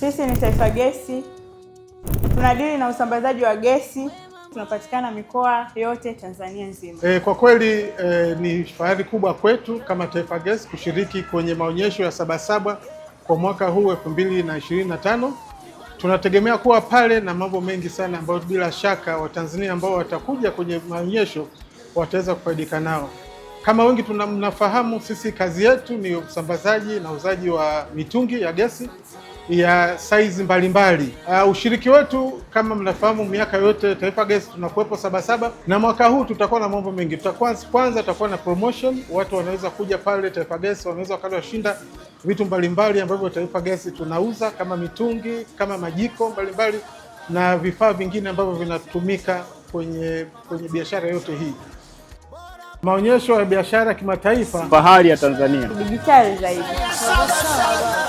Sisi ni Taifa Gesi, tunadili na usambazaji wa gesi, tunapatikana mikoa yote Tanzania nzima. E, kwa kweli e, ni fahari kubwa kwetu kama Taifa Gesi kushiriki kwenye maonyesho ya Sabasaba kwa mwaka huu tano. Tunategemea kuwa pale na mambo mengi sana ambayo bila shaka Watanzania ambao watakuja kwenye maonyesho wataweza kufaidika nao. Kama wengi tunafahamu, sisi kazi yetu ni usambazaji na uzaji wa mitungi ya gesi ya saizi mbalimbali. Uh, ushiriki wetu kama mnafahamu, miaka yote Taifa tunakuepo tunakuwepo Sabasaba, na mwaka huu tutakuwa na mambo mengi. Kwanza kwanza tutakuwa na promotion, watu wanaweza kuja pale Taifa Gesi, wanaweza wakaja washinda vitu mbalimbali ambavyo Taifa Gesi tunauza kama mitungi, kama majiko mbalimbali na vifaa vingine ambavyo vinatumika kwenye kwenye biashara yote hii. Maonyesho ya biashara kimataifa, fahari ya Tanzania, dijitali zaidi